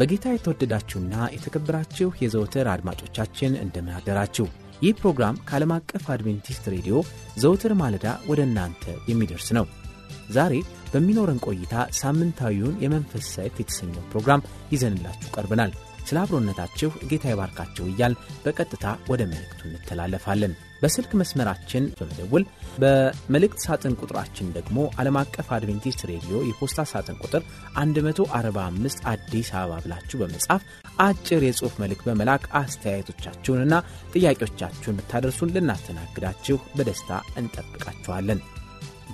በጌታ የተወደዳችሁና የተከበራችሁ የዘወትር አድማጮቻችን እንደምናደራችሁ ይህ ፕሮግራም ከዓለም አቀፍ አድቬንቲስት ሬዲዮ ዘወትር ማለዳ ወደ እናንተ የሚደርስ ነው። ዛሬ በሚኖረን ቆይታ ሳምንታዊውን የመንፈስ ሳይት የተሰኘው ፕሮግራም ይዘንላችሁ ቀርበናል። ስለ አብሮነታችሁ ጌታ ይባርካችሁ እያል በቀጥታ ወደ መልእክቱ እንተላለፋለን። በስልክ መስመራችን በመደውል በመልእክት ሳጥን ቁጥራችን ደግሞ ዓለም አቀፍ አድቬንቲስት ሬዲዮ የፖስታ ሳጥን ቁጥር 145 አዲስ አበባ ብላችሁ በመጻፍ አጭር የጽሑፍ መልእክት በመላክ አስተያየቶቻችሁንና ጥያቄዎቻችሁን ብታደርሱን ልናስተናግዳችሁ በደስታ እንጠብቃችኋለን።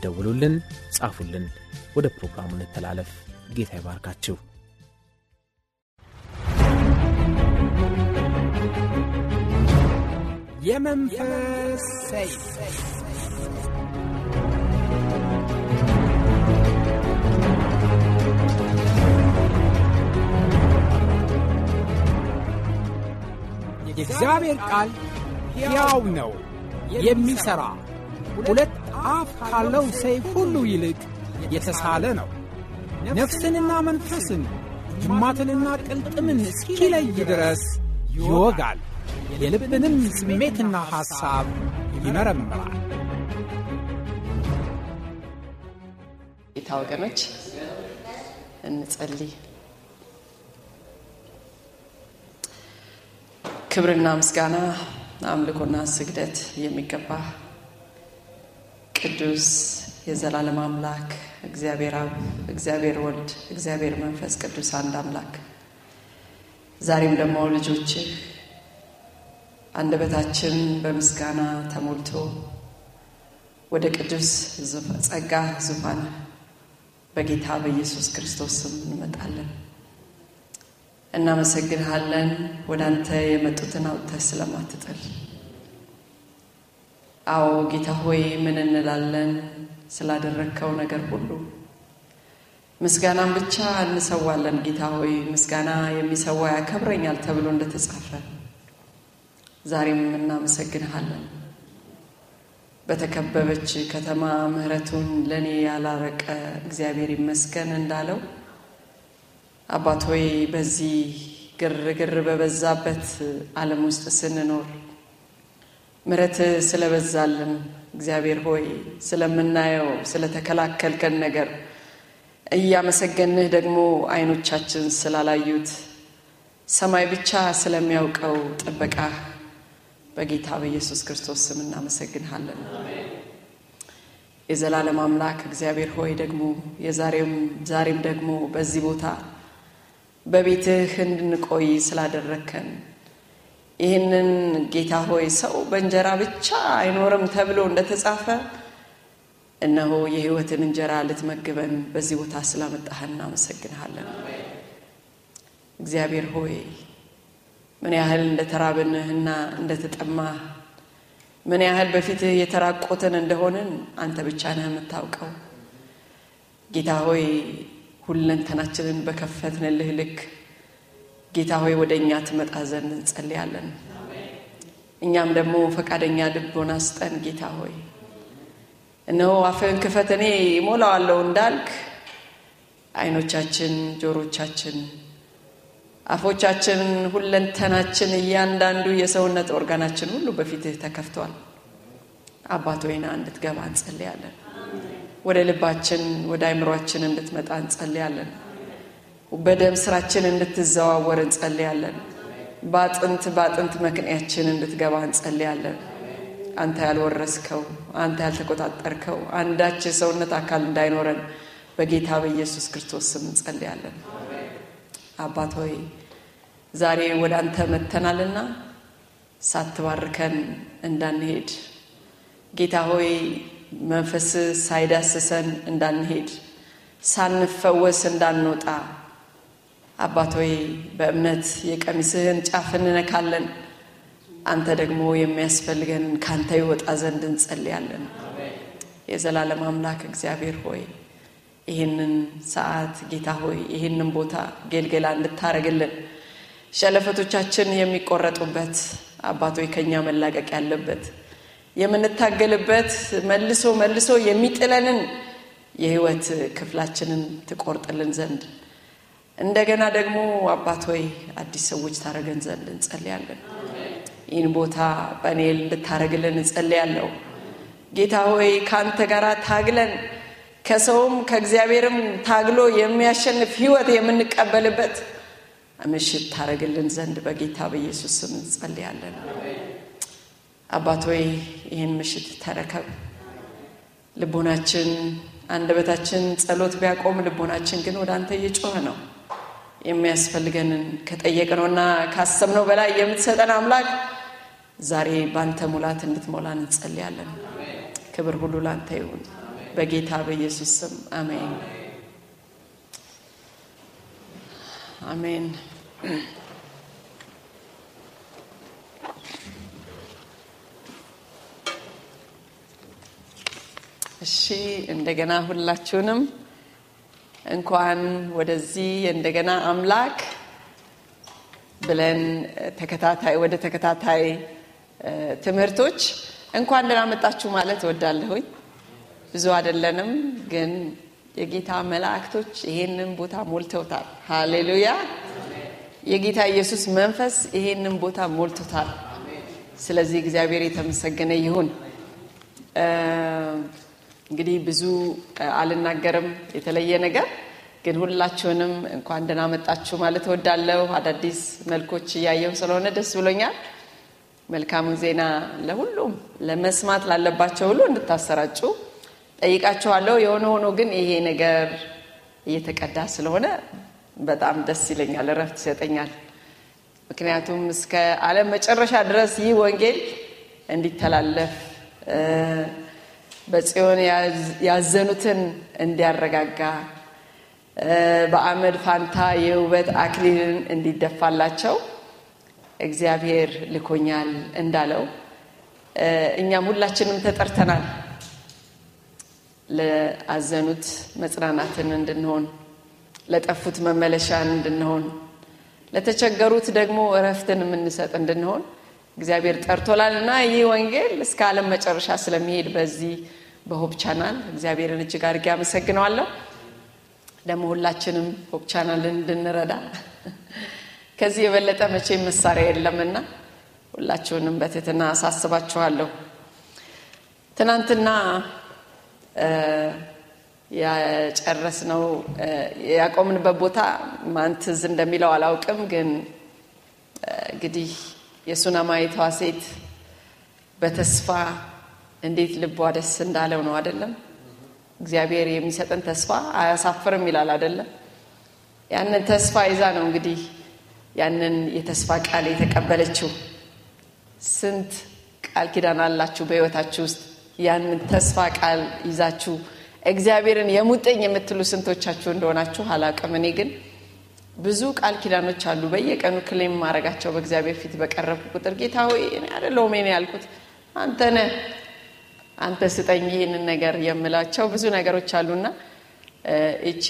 ደውሉልን፣ ጻፉልን። ወደ ፕሮግራሙ እንተላለፍ። ጌታ ይባርካችሁ። የመንፈስ ሰይፍ የእግዚአብሔር ቃል ሕያው ነው የሚሠራ ሁለት አፍ ካለው ሰይፍ ሁሉ ይልቅ የተሳለ ነው ነፍስንና መንፈስን ጅማትንና ቅልጥምን እስኪለይ ድረስ ይወጋል የልብንም ስሜትና ሐሳብ ይመረምራል። ጌታ ወገኖች እንጸልይ። ክብርና ምስጋና አምልኮና ስግደት የሚገባ ቅዱስ የዘላለም አምላክ እግዚአብሔር አብ፣ እግዚአብሔር ወልድ፣ እግዚአብሔር መንፈስ ቅዱስ አንድ አምላክ ዛሬም ደግሞ ልጆችህ አንደበታችን በምስጋና ተሞልቶ ወደ ቅዱስ ጸጋ ዙፋን በጌታ በኢየሱስ ክርስቶስ ስም እንመጣለን። እናመሰግንሃለን። ወደ አንተ የመጡትን አውጥተህ ስለማትጥል። አዎ ጌታ ሆይ ምን እንላለን? ስላደረግከው ነገር ሁሉ ምስጋናም ብቻ እንሰዋለን። ጌታ ሆይ ምስጋና የሚሰዋ ያከብረኛል ተብሎ እንደተጻፈ ዛሬም እናመሰግንሃለን። በተከበበች ከተማ ምሕረቱን ለእኔ ያላረቀ እግዚአብሔር ይመስገን እንዳለው አባት ሆይ በዚህ ግርግር በበዛበት ዓለም ውስጥ ስንኖር ምሕረትህ ስለበዛልን እግዚአብሔር ሆይ ስለምናየው ስለተከላከልከን ነገር እያመሰገንህ ደግሞ አይኖቻችን ስላላዩት ሰማይ ብቻ ስለሚያውቀው ጥበቃህ በጌታ በኢየሱስ ክርስቶስ ስም እናመሰግንሃለን። የዘላለም አምላክ እግዚአብሔር ሆይ ደግሞ ዛሬም ደግሞ በዚህ ቦታ በቤትህ እንድንቆይ ስላደረግከን ይህንን ጌታ ሆይ ሰው በእንጀራ ብቻ አይኖርም ተብሎ እንደተጻፈ እነሆ የህይወትን እንጀራ ልትመግበን በዚህ ቦታ ስላመጣህ እናመሰግንሃለን። እግዚአብሔር ሆይ ምን ያህል እንደተራብንህና እንደተጠማህ ምን ያህል በፊትህ የተራቆትን እንደሆንን አንተ ብቻ ነህ የምታውቀው። ጌታ ሆይ ሁለንተናችንን በከፈትንልህ ልክ ጌታ ሆይ ወደ እኛ ትመጣ ዘንድ እንጸልያለን። እኛም ደግሞ ፈቃደኛ ልቦና ስጠን ጌታ ሆይ። እነሆ አፍህን ክፈት እኔ ሞላዋለው እንዳልክ አይኖቻችን፣ ጆሮቻችን አፎቻችን፣ ሁለንተናችን፣ እያንዳንዱ የሰውነት ኦርጋናችን ሁሉ በፊትህ ተከፍቷል። አባት ወይና እንድትገባ እንጸልያለን። ወደ ልባችን ወደ አይምሯችን እንድትመጣ እንጸልያለን። በደም ስራችን እንድትዘዋወር እንጸልያለን። በአጥንት በአጥንት መክንያችን እንድትገባ እንጸልያለን። አንተ ያልወረስከው አንተ ያልተቆጣጠርከው አንዳች የሰውነት አካል እንዳይኖረን በጌታ በኢየሱስ ክርስቶስ ስም እንጸልያለን። አባት ሆይ ዛሬ ወደ አንተ መጥተናልና ሳትባርከን እንዳንሄድ፣ ጌታ ሆይ መንፈስ ሳይዳስሰን እንዳንሄድ፣ ሳንፈወስ እንዳንወጣ፣ አባት ሆይ በእምነት የቀሚስህን ጫፍ እንነካለን። አንተ ደግሞ የሚያስፈልገን ካንተ ይወጣ ዘንድ እንጸልያለን። የዘላለም አምላክ እግዚአብሔር ሆይ ይህንን ሰዓት ጌታ ሆይ ይህንን ቦታ ጌልጌላ እንድታረግልን ሸለፈቶቻችን የሚቆረጡበት አባቶይ ከኛ መላቀቅ ያለበት የምንታገልበት መልሶ መልሶ የሚጥለንን የህይወት ክፍላችንን ትቆርጥልን ዘንድ እንደገና ደግሞ አባት ሆይ አዲስ ሰዎች ታረገን ዘንድ እንጸልያለን። ይህን ቦታ በኔል እንድታረግልን እንጸልያለሁ። ጌታ ሆይ ከአንተ ጋር ታግለን ከሰውም ከእግዚአብሔርም ታግሎ የሚያሸንፍ ህይወት የምንቀበልበት ምሽት ታደረግልን ዘንድ በጌታ በኢየሱስ ስም እንጸልያለን። አባት ይህን ምሽት ተረከብ። ልቦናችን አንደበታችን ጸሎት ቢያቆም ልቦናችን ግን ወደ አንተ እየጮኸ ነው። የሚያስፈልገንን ከጠየቅነውና ካሰብነው በላይ የምትሰጠን አምላክ ዛሬ በአንተ ሙላት እንድትሞላን እንጸልያለን። ክብር ሁሉ ለአንተ ይሁን። በጌታ በኢየሱስ ስም አሜን አሜን። እሺ እንደገና ሁላችሁንም እንኳን ወደዚህ እንደገና አምላክ ብለን ተከታታይ ወደ ተከታታይ ትምህርቶች እንኳን ደናመጣችሁ መጣችሁ ማለት ወዳለሁኝ። ብዙ አይደለንም፣ ግን የጌታ መላእክቶች ይሄንን ቦታ ሞልተውታል። ሃሌሉያ! የጌታ ኢየሱስ መንፈስ ይሄንን ቦታ ሞልቶታል። ስለዚህ እግዚአብሔር የተመሰገነ ይሁን። እንግዲህ ብዙ አልናገርም የተለየ ነገር ግን ሁላችሁንም እንኳን ደና መጣችሁ ማለት እወዳለሁ። አዳዲስ መልኮች እያየሁ ስለሆነ ደስ ብሎኛል። መልካሙ ዜና ለሁሉም ለመስማት ላለባቸው ሁሉ እንድታሰራጩ ጠይቃችኋለሁ። የሆነ ሆኖ ግን ይሄ ነገር እየተቀዳ ስለሆነ በጣም ደስ ይለኛል፣ እረፍት ይሰጠኛል። ምክንያቱም እስከ ዓለም መጨረሻ ድረስ ይህ ወንጌል እንዲተላለፍ በጽዮን ያዘኑትን እንዲያረጋጋ በአመድ ፋንታ የውበት አክሊልን እንዲደፋላቸው እግዚአብሔር ልኮኛል እንዳለው እኛም ሁላችንም ተጠርተናል። ለአዘኑት መጽናናትን እንድንሆን፣ ለጠፉት መመለሻን እንድንሆን፣ ለተቸገሩት ደግሞ እረፍትን የምንሰጥ እንድንሆን እግዚአብሔር ጠርቶላል እና ይህ ወንጌል እስከ አለም መጨረሻ ስለሚሄድ በዚህ በሆብ ቻናል እግዚአብሔርን እጅግ አድርጌ አመሰግነዋለሁ። ደግሞ ሁላችንም ሆብ ቻናል እንድንረዳ ከዚህ የበለጠ መቼ መሳሪያ የለምና ሁላችሁንም በትትና አሳስባችኋለሁ። ትናንትና ነው ያቆምንበት ቦታ ማንትዝ እንደሚለው አላውቅም። ግን እንግዲህ የሱናማዊቷ ሴት በተስፋ እንዴት ልቧ ደስ እንዳለው ነው አይደለም። እግዚአብሔር የሚሰጠን ተስፋ አያሳፍርም ይላል አይደለም። ያንን ተስፋ ይዛ ነው እንግዲህ ያንን የተስፋ ቃል የተቀበለችው። ስንት ቃል ኪዳን አላችሁ በህይወታችሁ ውስጥ ያንን ተስፋ ቃል ይዛችሁ እግዚአብሔርን የሙጠኝ የምትሉ ስንቶቻችሁ እንደሆናችሁ አላውቅም። እኔ ግን ብዙ ቃል ኪዳኖች አሉ በየቀኑ ክሌም ማድረጋቸው በእግዚአብሔር ፊት በቀረብኩ ቁጥር ጌታ ሆይ እኔ አይደለሁም ያልኩት አንተ አንተ ስጠኝ ይህንን ነገር የምላቸው ብዙ ነገሮች አሉና እቺ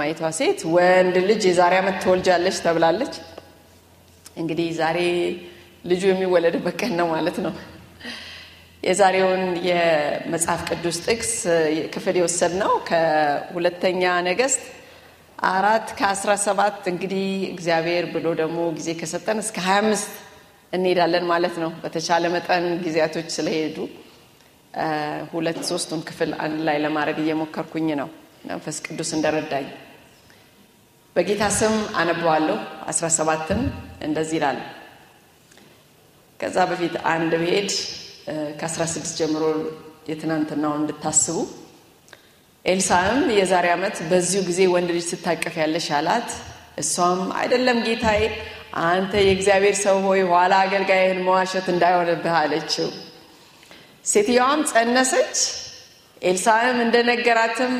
ማየቷ ሴት ወንድ ልጅ የዛሬ አመት ትወልጃለች ተብላለች። እንግዲህ ዛሬ ልጁ የሚወለድበት ቀን ነው ማለት ነው። የዛሬውን የመጽሐፍ ቅዱስ ጥቅስ ክፍል ነው። ከሁለተኛ ነገስት አራት ከአስራ ሰባት እንግዲህ እግዚአብሔር ብሎ ደግሞ ጊዜ ከሰጠን እስከ ሀያ አምስት እንሄዳለን ማለት ነው። በተቻለ መጠን ጊዜያቶች ስለሄዱ ሁለት ሶስቱን ክፍል አንድ ላይ ለማድረግ እየሞከርኩኝ ነው። መንፈስ ቅዱስ እንደረዳኝ በጌታ ስም አነበዋለሁ። አስራ ሰባትን እንደዚህ ይላል። ከዛ በፊት አንድ ብሄድ ከ16 ጀምሮ የትናንትናውን እንድታስቡ። ኤልሳም የዛሬ ዓመት በዚሁ ጊዜ ወንድ ልጅ ስታቀፍ ያለሽ አላት። እሷም አይደለም ጌታዬ፣ አንተ የእግዚአብሔር ሰው ሆይ ኋላ አገልጋይህን መዋሸት እንዳይሆንብህ አለችው። ሴትየዋም ጸነሰች፣ ኤልሳም እንደነገራትም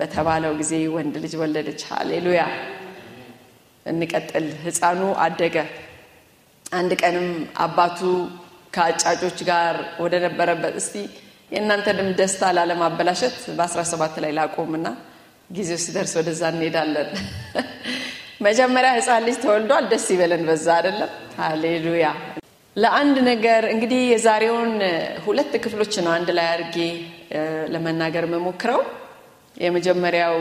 በተባለው ጊዜ ወንድ ልጅ ወለደች። ሃሌሉያ። እንቀጥል። ህፃኑ አደገ። አንድ ቀንም አባቱ ከአጫጮች ጋር ወደ ነበረበት እስቲ የእናንተንም ደስታ ላለማበላሸት በ17 ላይ ላቆምና ጊዜው ሲደርስ ወደዛ እንሄዳለን። መጀመሪያ ህፃን ልጅ ተወልዷል። ደስ ይበለን በዛ አይደለም? ሃሌሉያ። ለአንድ ነገር እንግዲህ የዛሬውን ሁለት ክፍሎች ነው አንድ ላይ አድርጌ ለመናገር መሞክረው። የመጀመሪያው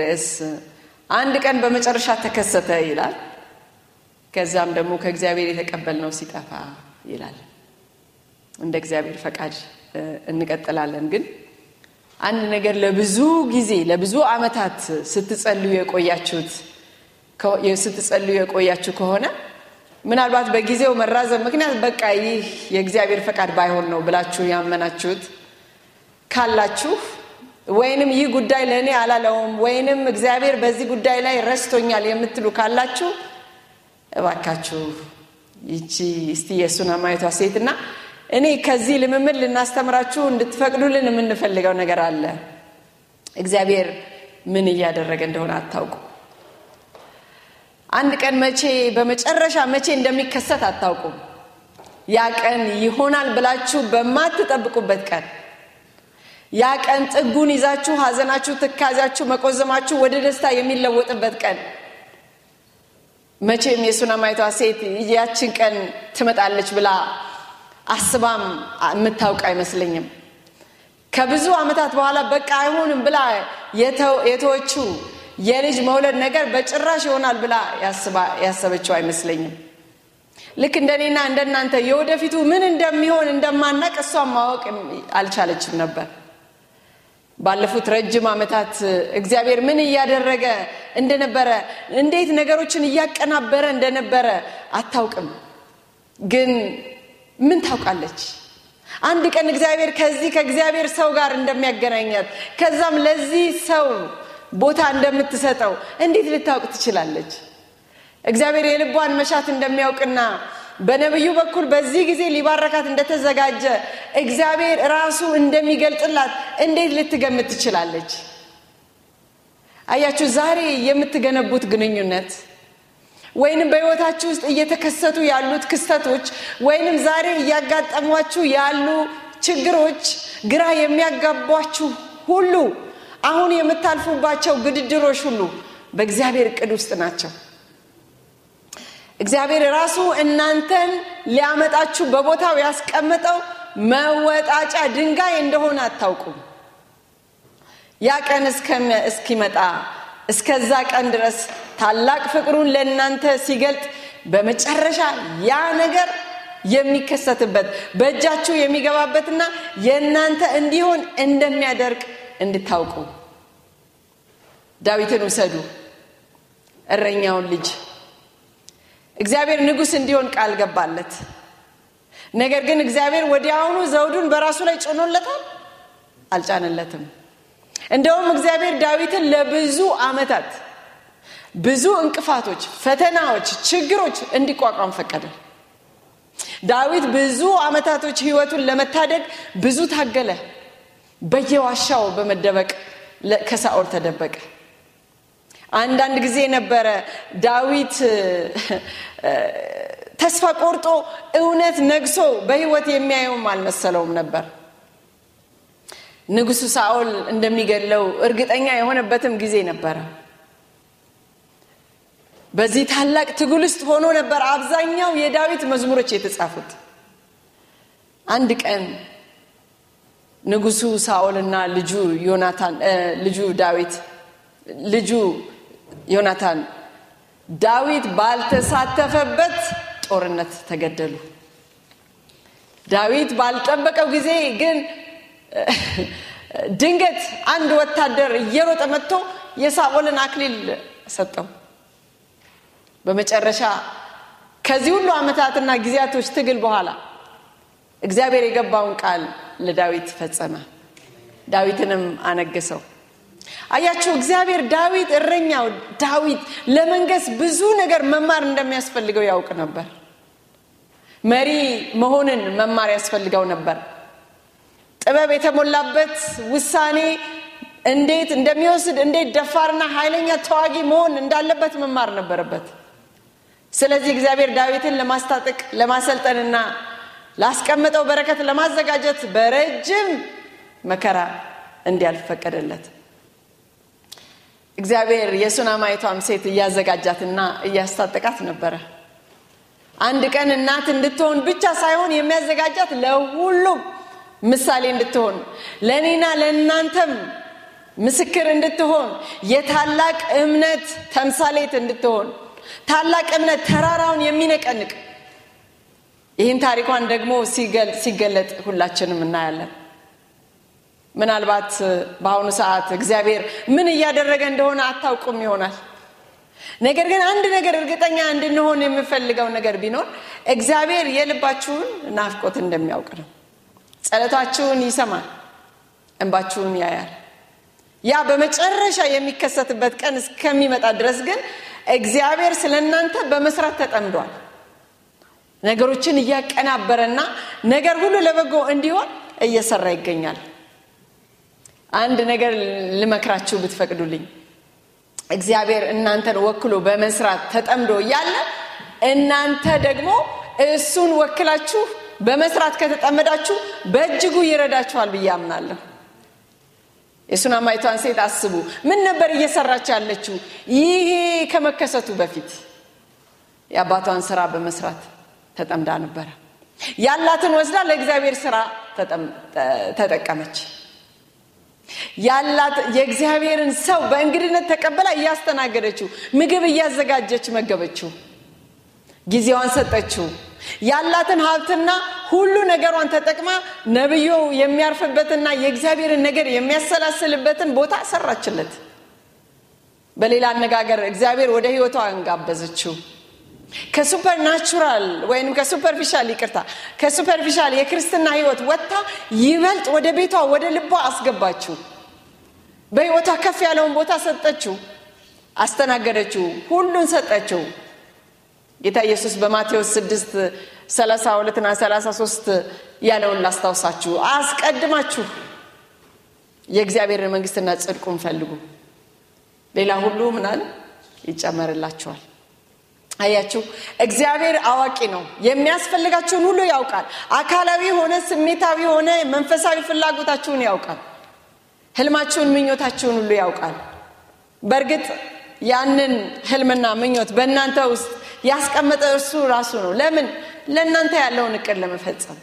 ርዕስ አንድ ቀን በመጨረሻ ተከሰተ ይላል። ከዛም ደግሞ ከእግዚአብሔር የተቀበልነው ሲጠፋ ይላል። እንደ እግዚአብሔር ፈቃድ እንቀጥላለን። ግን አንድ ነገር ለብዙ ጊዜ ለብዙ አመታት ስትጸልዩ የቆያችሁት ስትጸልዩ የቆያችሁ ከሆነ ምናልባት በጊዜው መራዘም ምክንያት በቃ ይህ የእግዚአብሔር ፈቃድ ባይሆን ነው ብላችሁ ያመናችሁት ካላችሁ ወይንም ይህ ጉዳይ ለእኔ አላለውም ወይንም እግዚአብሔር በዚህ ጉዳይ ላይ ረስቶኛል የምትሉ ካላችሁ እባካችሁ ይቺ እስቲ የእሱን አማየቷ ሴትና እኔ ከዚህ ልምምድ ልናስተምራችሁ እንድትፈቅዱልን የምንፈልገው ነገር አለ። እግዚአብሔር ምን እያደረገ እንደሆነ አታውቁ። አንድ ቀን መቼ በመጨረሻ መቼ እንደሚከሰት አታውቁም። ያ ቀን ይሆናል ብላችሁ በማትጠብቁበት ቀን ያ ቀን ጥጉን ይዛችሁ ሀዘናችሁ ትካዛችሁ፣ መቆዘማችሁ ወደ ደስታ የሚለወጥበት ቀን መቼም የሱናማይቷ ሴት ያችን ቀን ትመጣለች ብላ አስባም የምታውቅ አይመስለኝም። ከብዙ አመታት በኋላ በቃ አይሆንም ብላ የተወችው የልጅ መውለድ ነገር በጭራሽ ይሆናል ብላ ያሰበችው አይመስለኝም። ልክ እንደኔና እንደናንተ የወደፊቱ ምን እንደሚሆን እንደማናቅ እሷን ማወቅ አልቻለችም ነበር። ባለፉት ረጅም ዓመታት እግዚአብሔር ምን እያደረገ እንደነበረ እንዴት ነገሮችን እያቀናበረ እንደነበረ አታውቅም። ግን ምን ታውቃለች? አንድ ቀን እግዚአብሔር ከዚህ ከእግዚአብሔር ሰው ጋር እንደሚያገናኛት ከዛም ለዚህ ሰው ቦታ እንደምትሰጠው እንዴት ልታውቅ ትችላለች? እግዚአብሔር የልቧን መሻት እንደሚያውቅና በነቢዩ በኩል በዚህ ጊዜ ሊባረካት እንደተዘጋጀ እግዚአብሔር ራሱ እንደሚገልጥላት እንዴት ልትገምት ትችላለች? አያችሁ፣ ዛሬ የምትገነቡት ግንኙነት ወይንም በሕይወታችሁ ውስጥ እየተከሰቱ ያሉት ክስተቶች ወይንም ዛሬ እያጋጠሟችሁ ያሉ ችግሮች፣ ግራ የሚያጋቧችሁ ሁሉ፣ አሁን የምታልፉባቸው ግድድሮች ሁሉ በእግዚአብሔር ቅድ ውስጥ ናቸው። እግዚአብሔር ራሱ እናንተን ሊያመጣችሁ በቦታው ያስቀመጠው መወጣጫ ድንጋይ እንደሆነ አታውቁም። ያ ቀን እስኪመጣ እስከዛ ቀን ድረስ ታላቅ ፍቅሩን ለእናንተ ሲገልጥ በመጨረሻ ያ ነገር የሚከሰትበት በእጃችሁ የሚገባበትና የእናንተ እንዲሆን እንደሚያደርግ እንድታውቁ ዳዊትን ውሰዱ እረኛውን ልጅ እግዚአብሔር ንጉስ እንዲሆን ቃል ገባለት። ነገር ግን እግዚአብሔር ወዲያውኑ ዘውዱን በራሱ ላይ ጭኖለታል? አልጫነለትም። እንደውም እግዚአብሔር ዳዊትን ለብዙ አመታት ብዙ እንቅፋቶች፣ ፈተናዎች፣ ችግሮች እንዲቋቋም ፈቀደ። ዳዊት ብዙ አመታቶች ህይወቱን ለመታደግ ብዙ ታገለ። በየዋሻው በመደበቅ ከሳኦል ተደበቀ። አንዳንድ ጊዜ ነበረ ዳዊት ተስፋ ቆርጦ እውነት ነግሶ በህይወት የሚያየውም አልመሰለውም ነበር ንጉሱ ሳኦል እንደሚገለው እርግጠኛ የሆነበትም ጊዜ ነበረ በዚህ ታላቅ ትግል ውስጥ ሆኖ ነበር አብዛኛው የዳዊት መዝሙሮች የተጻፉት አንድ ቀን ንጉሱ ሳኦልና ልጁ ዮናታን ልጁ ዳዊት ልጁ ዮናታን ዳዊት ባልተሳተፈበት ጦርነት ተገደሉ። ዳዊት ባልጠበቀው ጊዜ ግን ድንገት አንድ ወታደር እየሮጠ መጥቶ የሳኦልን አክሊል ሰጠው። በመጨረሻ ከዚህ ሁሉ ዓመታትና ጊዜያቶች ትግል በኋላ እግዚአብሔር የገባውን ቃል ለዳዊት ፈጸመ፣ ዳዊትንም አነገሰው። አያችሁ እግዚአብሔር ዳዊት እረኛው ዳዊት ለመንገስ ብዙ ነገር መማር እንደሚያስፈልገው ያውቅ ነበር መሪ መሆንን መማር ያስፈልገው ነበር ጥበብ የተሞላበት ውሳኔ እንዴት እንደሚወስድ እንዴት ደፋርና ኃይለኛ ተዋጊ መሆን እንዳለበት መማር ነበረበት ስለዚህ እግዚአብሔር ዳዊትን ለማስታጠቅ ለማሰልጠንና ላስቀምጠው በረከት ለማዘጋጀት በረጅም መከራ እንዲያልፈቀደለት ፈቀደለት እግዚአብሔር የሱናማይቷም ሴት እያዘጋጃትና እያስታጠቃት ነበረ። አንድ ቀን እናት እንድትሆን ብቻ ሳይሆን የሚያዘጋጃት ለሁሉም ምሳሌ እንድትሆን ለእኔና ለእናንተም ምስክር እንድትሆን የታላቅ እምነት ተምሳሌት እንድትሆን ታላቅ እምነት ተራራውን የሚነቀንቅ ይህን ታሪኳን ደግሞ ሲገለጥ ሁላችንም እናያለን። ምናልባት በአሁኑ ሰዓት እግዚአብሔር ምን እያደረገ እንደሆነ አታውቁም ይሆናል። ነገር ግን አንድ ነገር እርግጠኛ እንድንሆን የምፈልገው ነገር ቢኖር እግዚአብሔር የልባችሁን ናፍቆት እንደሚያውቅ ነው። ጸለታችሁን ይሰማል፣ እንባችሁን ያያል። ያ በመጨረሻ የሚከሰትበት ቀን እስከሚመጣ ድረስ ግን እግዚአብሔር ስለ እናንተ በመስራት ተጠምዷል። ነገሮችን እያቀናበረና ነገር ሁሉ ለበጎ እንዲሆን እየሰራ ይገኛል። አንድ ነገር ልመክራችሁ ብትፈቅዱልኝ እግዚአብሔር እናንተን ወክሎ በመስራት ተጠምዶ እያለ እናንተ ደግሞ እሱን ወክላችሁ በመስራት ከተጠመዳችሁ በእጅጉ ይረዳችኋል ብዬ አምናለሁ አማይቷን ሴት አስቡ ምን ነበር እየሰራች ያለችው ይሄ ከመከሰቱ በፊት የአባቷን ስራ በመስራት ተጠምዳ ነበረ ያላትን ወስዳ ለእግዚአብሔር ስራ ተጠቀመች ያላት የእግዚአብሔርን ሰው በእንግድነት ተቀብላ እያስተናገደችው ምግብ እያዘጋጀች መገበችው፣ ጊዜዋን ሰጠችው። ያላትን ሀብትና ሁሉ ነገሯን ተጠቅማ ነቢዩ የሚያርፍበትና የእግዚአብሔርን ነገር የሚያሰላስልበትን ቦታ ሰራችለት። በሌላ አነጋገር እግዚአብሔር ወደ ህይወቷ እንጋበዘችው። ከሱፐር ናቹራል ወይም ከሱፐርፊሻል ይቅርታ፣ ከሱፐርፊሻል የክርስትና ህይወት ወጥታ ይበልጥ ወደ ቤቷ ወደ ልቧ አስገባችው። በህይወቷ ከፍ ያለውን ቦታ ሰጠችው፣ አስተናገደችው፣ ሁሉን ሰጠችው። ጌታ ኢየሱስ በማቴዎስ 6 32 እና 33 ያለውን ላስታውሳችሁ። አስቀድማችሁ የእግዚአብሔርን መንግስትና ጽድቁን ፈልጉ፣ ሌላ ሁሉ ምናል ይጨመርላችኋል። አያችሁ፣ እግዚአብሔር አዋቂ ነው። የሚያስፈልጋችሁን ሁሉ ያውቃል። አካላዊ ሆነ ስሜታዊ ሆነ መንፈሳዊ ፍላጎታችሁን ያውቃል። ህልማችሁን፣ ምኞታችሁን ሁሉ ያውቃል። በእርግጥ ያንን ህልምና ምኞት በእናንተ ውስጥ ያስቀመጠ እርሱ ራሱ ነው። ለምን? ለእናንተ ያለውን እቅድ ለመፈጸም።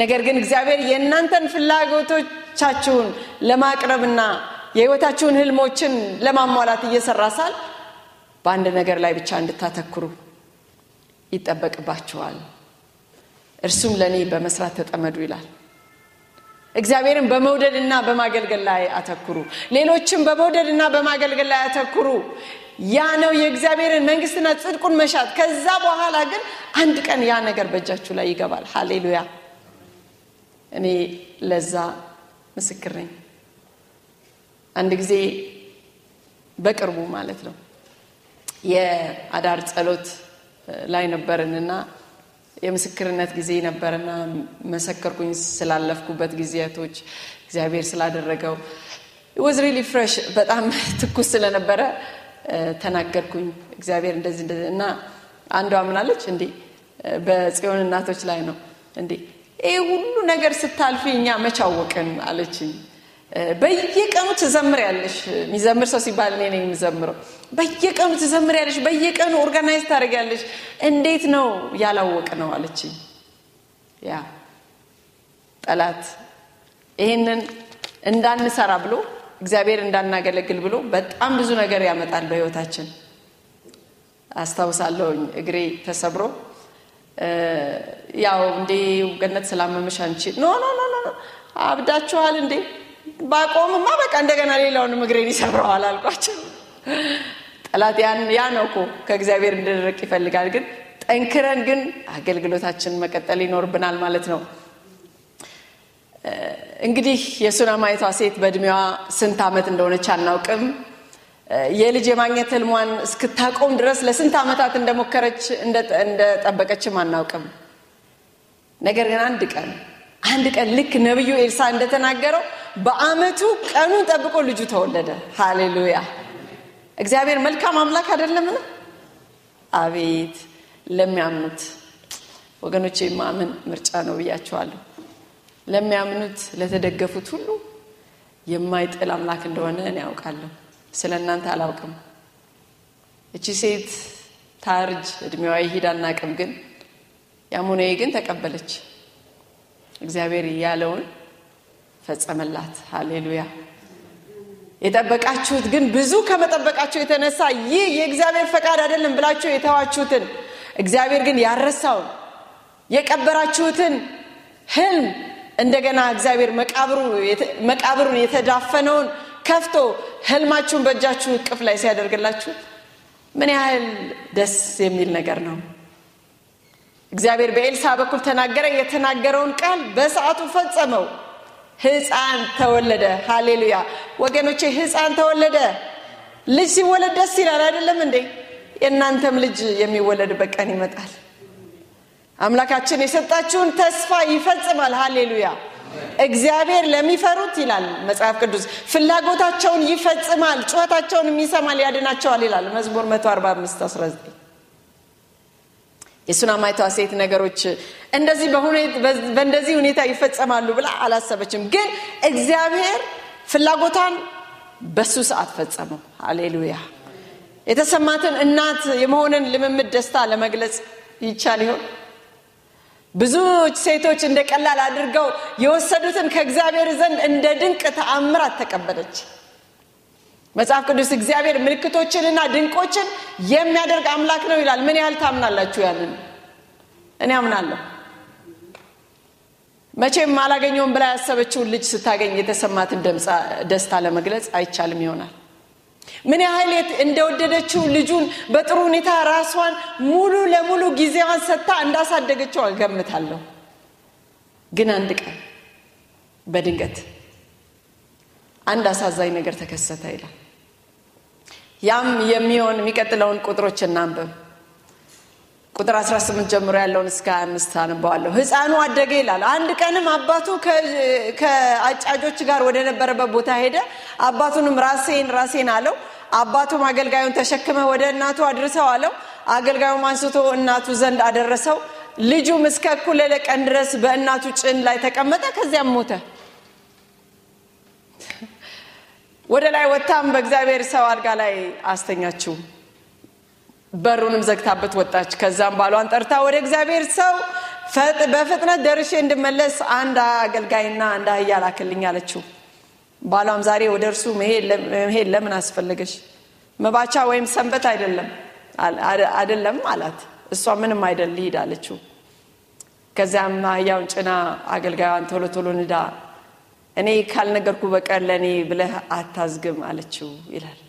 ነገር ግን እግዚአብሔር የእናንተን ፍላጎቶቻችሁን ለማቅረብና የህይወታችሁን ህልሞችን ለማሟላት እየሰራ ሳል በአንድ ነገር ላይ ብቻ እንድታተኩሩ ይጠበቅባችኋል። እርሱም ለእኔ በመስራት ተጠመዱ ይላል። እግዚአብሔርን በመውደድና በማገልገል ላይ አተኩሩ። ሌሎችም በመውደድና በማገልገል ላይ አተኩሩ። ያ ነው የእግዚአብሔርን መንግስትና ጽድቁን መሻት። ከዛ በኋላ ግን አንድ ቀን ያ ነገር በእጃችሁ ላይ ይገባል። ሀሌሉያ እኔ ለዛ ምስክር ነኝ። አንድ ጊዜ በቅርቡ ማለት ነው የአዳር ጸሎት ላይ ነበርንና የምስክርነት ጊዜ ነበርና መሰከርኩኝ ስላለፍኩበት ጊዜያቶች እግዚአብሔር ስላደረገው ወዝ ሪሊ ፍሬሽ በጣም ትኩስ ስለነበረ ተናገርኩኝ። እግዚአብሔር እንደዚህ እንደዚህ እና አንዷ ምናለች እንዴ በጽዮን እናቶች ላይ ነው እንዴ ይህ ሁሉ ነገር ስታልፊ እኛ መቻወቅን አለችኝ። በየቀኑ ትዘምር ያለሽ የሚዘምር ሰው ሲባል እኔ ነኝ የምዘምረው። በየቀኑ ትዘምር ያለሽ፣ በየቀኑ ኦርጋናይዝ ታደርግ ያለሽ እንዴት ነው ያላወቅ ነው አለች ያ ጠላት ይህንን እንዳንሰራ ብሎ እግዚአብሔር እንዳናገለግል ብሎ በጣም ብዙ ነገር ያመጣል በህይወታችን። አስታውሳለሁኝ እግሬ ተሰብሮ ያው እንዴ ገነት ስላመመሽ አንቺ ኖ ኖ ኖ አብዳችኋል እንዴ ባቆምማ በቃ እንደገና ሌላውን እግሬን ይሰብረዋል አልኳቸው። ጠላት ያ ነው እኮ ከእግዚአብሔር እንድንርቅ ይፈልጋል። ግን ጠንክረን ግን አገልግሎታችን መቀጠል ይኖርብናል ማለት ነው። እንግዲህ ማየቷ ሴት በእድሜዋ ስንት ዓመት እንደሆነች አናውቅም። የልጅ የማግኘት ህልሟን እስክታቆም ድረስ ለስንት ዓመታት እንደሞከረች እንደጠበቀችም አናውቅም። ነገር ግን አንድ ቀን አንድ ቀን ልክ ነቢዩ ኤልሳ እንደተናገረው በአመቱ ቀኑን ጠብቆ ልጁ ተወለደ። ሃሌሉያ! እግዚአብሔር መልካም አምላክ አይደለምን? አቤት ለሚያምኑት ወገኖች ማመን ምርጫ ነው ብያቸዋለሁ። ለሚያምኑት ለተደገፉት ሁሉ የማይጥል አምላክ እንደሆነ እኔ ያውቃለሁ። ስለ እናንተ አላውቅም። እቺ ሴት ታርጅ፣ እድሜዋ ይሄድ አናቅም። ግን ያሙኔ ግን ተቀበለች። እግዚአብሔር ያለውን ፈጸመላት። ሃሌሉያ። የጠበቃችሁት ግን ብዙ ከመጠበቃቸው የተነሳ ይህ የእግዚአብሔር ፈቃድ አይደለም ብላችሁ የተዋችሁትን እግዚአብሔር ግን ያረሳውን የቀበራችሁትን ህልም እንደገና እግዚአብሔር መቃብሩን የተዳፈነውን ከፍቶ ህልማችሁን በእጃችሁ እቅፍ ላይ ሲያደርግላችሁ ምን ያህል ደስ የሚል ነገር ነው። እግዚአብሔር በኤልሳ በኩል ተናገረ። የተናገረውን ቃል በሰዓቱ ፈጸመው። ህፃን ተወለደ። ሃሌሉያ ወገኖቼ፣ ህፃን ተወለደ። ልጅ ሲወለድ ደስ ይላል አይደለም እንዴ? የእናንተም ልጅ የሚወለድበት ቀን ይመጣል። አምላካችን የሰጣችሁን ተስፋ ይፈጽማል። ሃሌሉያ እግዚአብሔር ለሚፈሩት ይላል መጽሐፍ ቅዱስ ፍላጎታቸውን ይፈጽማል፣ ጩኸታቸውን የሚሰማል ያድናቸዋል ይላል መዝሙር 145 19 የሱናማይቷ ሴት ነገሮች እንደዚህ በእንደዚህ ሁኔታ ይፈጸማሉ ብላ አላሰበችም። ግን እግዚአብሔር ፍላጎቷን በሱ ሰዓት ፈጸመው። አሌሉያ! የተሰማትን እናት የመሆንን ልምምድ ደስታ ለመግለጽ ይቻል ይሆን? ብዙ ሴቶች እንደ ቀላል አድርገው የወሰዱትን ከእግዚአብሔር ዘንድ እንደ ድንቅ ተአምራት ተቀበለች። መጽሐፍ ቅዱስ እግዚአብሔር ምልክቶችንና ድንቆችን የሚያደርግ አምላክ ነው ይላል። ምን ያህል ታምናላችሁ? ያንን እኔ አምናለሁ። መቼም አላገኘውም ብላ ያሰበችውን ልጅ ስታገኝ የተሰማትን ደስታ ለመግለጽ አይቻልም ይሆናል። ምን ያህል እንደወደደችው ልጁን በጥሩ ሁኔታ ራሷን ሙሉ ለሙሉ ጊዜዋን ሰጥታ እንዳሳደገችው እገምታለሁ። ግን አንድ ቀን በድንገት አንድ አሳዛኝ ነገር ተከሰተ ይላል። ያም የሚሆን የሚቀጥለውን ቁጥሮች እናንብብ። ቁጥር 18 ጀምሮ ያለውን እስከ 25 አንባዋለሁ። ህፃኑ አደገ ይላል። አንድ ቀንም አባቱ ከአጫጆች ጋር ወደ ነበረበት ቦታ ሄደ። አባቱንም ራሴን ራሴን አለው። አባቱም አገልጋዩን ተሸክመ ወደ እናቱ አድርሰው አለው። አገልጋዩም አንስቶ እናቱ ዘንድ አደረሰው። ልጁም እስከ እኩለ ቀን ድረስ በእናቱ ጭን ላይ ተቀመጠ። ከዚያም ሞተ። ወደ ላይ ወጥታም በእግዚአብሔር ሰው አልጋ ላይ አስተኛችው። በሩንም ዘግታበት ወጣች። ከዛም ባሏን ጠርታ ወደ እግዚአብሔር ሰው በፍጥነት ደርሼ እንድመለስ አንድ አገልጋይና አንድ አህያ ላክልኝ አለችው። ባሏም ዛሬ ወደ እርሱ መሄድ ለምን አስፈለገች? መባቻ ወይም ሰንበት አይደለም አይደለም አላት። እሷ ምንም አይደል ሂድ አለችው። ከዚያም አህያውን ጭና አገልጋዩን ቶሎ ቶሎ ንዳ እኔ ካልነገርኩ በቀር ለእኔ ብለህ አታዝግም አለችው ይላል።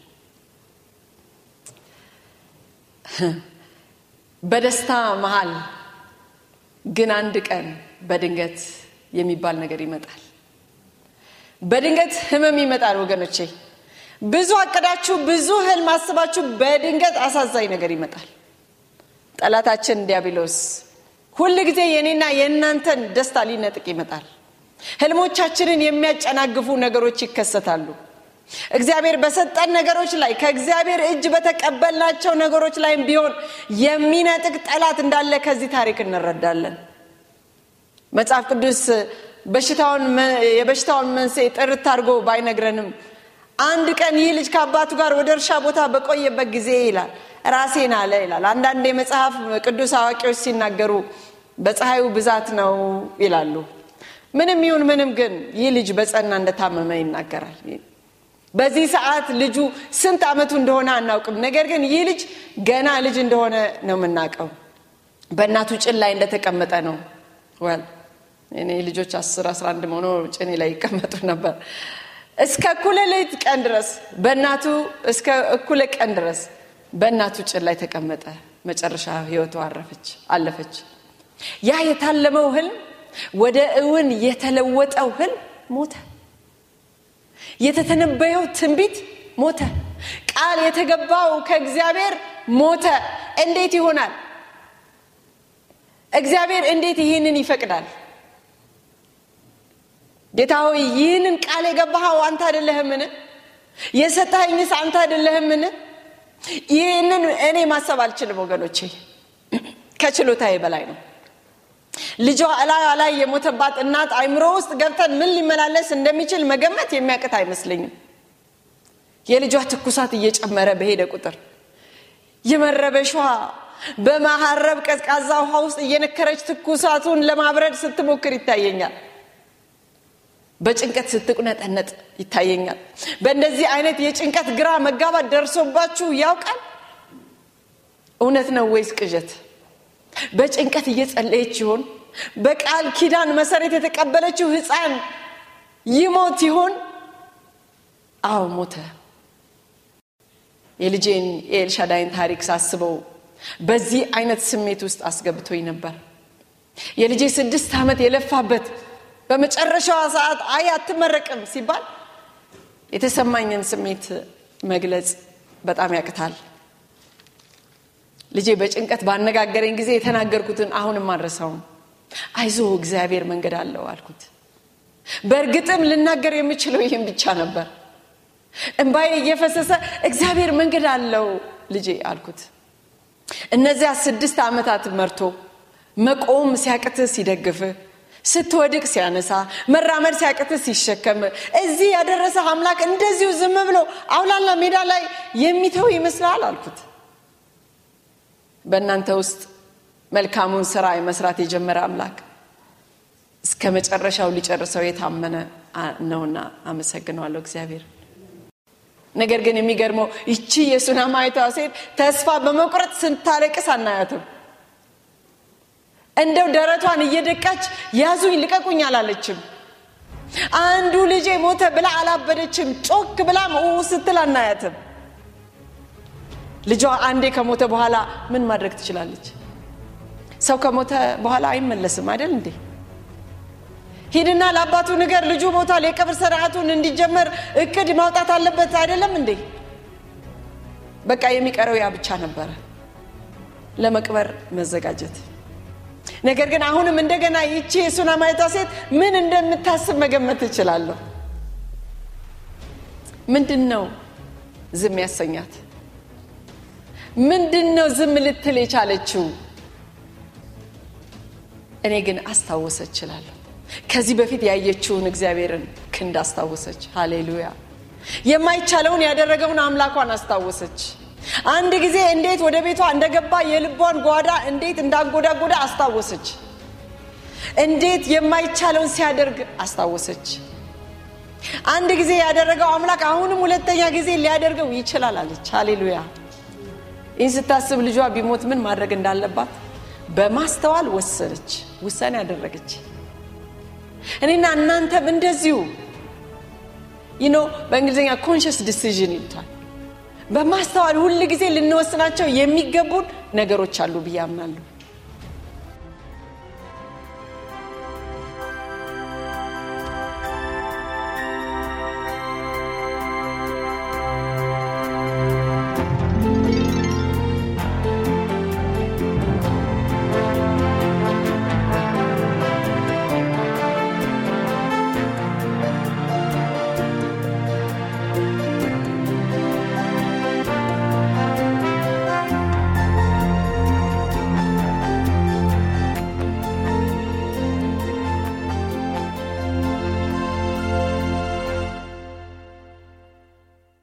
በደስታ መሀል ግን አንድ ቀን በድንገት የሚባል ነገር ይመጣል። በድንገት ህመም ይመጣል ወገኖቼ። ብዙ አቅዳችሁ፣ ብዙ ህል ማስባችሁ በድንገት አሳዛኝ ነገር ይመጣል። ጠላታችን ዲያብሎስ ሁል ጊዜ የእኔና የእናንተን ደስታ ሊነጥቅ ይመጣል። ህልሞቻችንን የሚያጨናግፉ ነገሮች ይከሰታሉ። እግዚአብሔር በሰጠን ነገሮች ላይ ከእግዚአብሔር እጅ በተቀበልናቸው ነገሮች ላይም ቢሆን የሚነጥቅ ጠላት እንዳለ ከዚህ ታሪክ እንረዳለን። መጽሐፍ ቅዱስ የበሽታውን መንስኤ ጥርት አድርጎ ባይነግረንም አንድ ቀን ይህ ልጅ ከአባቱ ጋር ወደ እርሻ ቦታ በቆየበት ጊዜ ይላል ራሴን አለ ይላል። አንዳንድ የመጽሐፍ ቅዱስ አዋቂዎች ሲናገሩ በፀሐዩ ብዛት ነው ይላሉ። ምንም ይሁን ምንም ግን ይህ ልጅ በጸና እንደታመመ ይናገራል። በዚህ ሰዓት ልጁ ስንት አመቱ እንደሆነ አናውቅም። ነገር ግን ይህ ልጅ ገና ልጅ እንደሆነ ነው የምናውቀው። በእናቱ ጭን ላይ እንደተቀመጠ ነው። ወል እኔ ልጆች አስር አስራ መሆኖ ጭኔ ላይ ይቀመጡ ነበር። እስከ እኩለ ሌት ቀን ድረስ በእናቱ እስከ እኩለ ቀን ድረስ በእናቱ ጭን ላይ ተቀመጠ። መጨረሻ ህይወቱ አረፈች አለፈች። ያ የታለመው ህልም ወደ እውን የተለወጠው ህልም ሞተ። የተተነበየው ትንቢት ሞተ። ቃል የተገባው ከእግዚአብሔር ሞተ። እንዴት ይሆናል? እግዚአብሔር እንዴት ይህንን ይፈቅዳል? ጌታ ሆይ ይህንን ቃል የገባኸው አንተ አደለህምን የሰታኝስ አንተ አደለህምን ይህንን እኔ ማሰብ አልችልም ወገኖቼ፣ ከችሎታዬ በላይ ነው። ልጇ እላዩ ላይ የሞተባት እናት አይምሮ ውስጥ ገብተን ምን ሊመላለስ እንደሚችል መገመት የሚያቅት አይመስለኝም። የልጇ ትኩሳት እየጨመረ በሄደ ቁጥር የመረበሿ በማሀረብ ቀዝቃዛ ውሃ ውስጥ እየነከረች ትኩሳቱን ለማብረድ ስትሞክር ይታየኛል። በጭንቀት ስትቁነጠነጥ ይታየኛል። በእንደዚህ አይነት የጭንቀት ግራ መጋባት ደርሶባችሁ ያውቃል? እውነት ነው ወይስ ቅዠት? በጭንቀት እየጸለየች ይሆን? በቃል ኪዳን መሰረት የተቀበለችው ህፃን ይሞት ይሆን? አዎ ሞተ። የልጄን የኤልሻዳይን ታሪክ ሳስበው በዚህ አይነት ስሜት ውስጥ አስገብቶኝ ነበር። የልጄ ስድስት ዓመት የለፋበት በመጨረሻዋ ሰዓት አይ አትመረቅም ሲባል የተሰማኝን ስሜት መግለጽ በጣም ያቅታል። ልጄ በጭንቀት ባነጋገረኝ ጊዜ የተናገርኩትን አሁንም አልረሳውም። አይዞ እግዚአብሔር መንገድ አለው አልኩት። በእርግጥም ልናገር የምችለው ይህም ብቻ ነበር። እምባዬ እየፈሰሰ እግዚአብሔር መንገድ አለው ልጄ አልኩት። እነዚያ ስድስት ዓመታት መርቶ መቆም ሲያቅት ሲደግፍ ስትወድቅ ሲያነሳ፣ መራመድ ሲያቅት ሲሸከም፣ እዚህ ያደረሰህ አምላክ እንደዚሁ ዝም ብሎ አውላላ ሜዳ ላይ የሚተው ይመስላል አልኩት። በእናንተ ውስጥ መልካሙን ስራ መስራት የጀመረ አምላክ እስከ መጨረሻው ሊጨርሰው የታመነ ነውና አመሰግነዋለሁ እግዚአብሔር። ነገር ግን የሚገርመው ይቺ የሱናማይቷ ሴት ተስፋ በመቁረጥ ስታለቅስ አናያትም። እንደው ደረቷን እየደቃች ያዙኝ ልቀቁኝ አላለችም። አንዱ ልጄ ሞተ ብላ አላበደችም። ጮክ ብላም ስትል አናያትም። ልጇ አንዴ ከሞተ በኋላ ምን ማድረግ ትችላለች? ሰው ከሞተ በኋላ አይመለስም አይደል እንዴ? ሂድና ለአባቱ ንገር፣ ልጁ ሞቷል፣ የቅብር ስርዓቱን እንዲጀመር እቅድ ማውጣት አለበት አይደለም እንዴ? በቃ የሚቀረው ያ ብቻ ነበረ፣ ለመቅበር መዘጋጀት። ነገር ግን አሁንም እንደገና ይቺ የሱናማይቷ ሴት ምን እንደምታስብ መገመት እችላለሁ። ምንድን ነው ዝም ያሰኛት? ምንድን ነው ዝም ልትል የቻለችው? እኔ ግን አስታወሰች እላለሁ። ከዚህ በፊት ያየችውን እግዚአብሔርን ክንድ አስታወሰች። ሃሌሉያ! የማይቻለውን ያደረገውን አምላኳን አስታወሰች። አንድ ጊዜ እንዴት ወደ ቤቷ እንደገባ የልቧን ጓዳ እንዴት እንዳጎዳጎዳ አስታወሰች። እንዴት የማይቻለውን ሲያደርግ አስታወሰች። አንድ ጊዜ ያደረገው አምላክ አሁንም ሁለተኛ ጊዜ ሊያደርገው ይችላል አለች። ሃሌሉያ! ይህን ስታስብ ልጇ ቢሞት ምን ማድረግ እንዳለባት በማስተዋል ወሰነች፣ ውሳኔ አደረገች። እኔና እናንተም እንደዚሁ ይኖ በእንግሊዝኛ ኮንሽስ ዲሲዥን ይሉታል። በማስተዋል ሁል ጊዜ ልንወስናቸው የሚገቡን ነገሮች አሉ ብዬ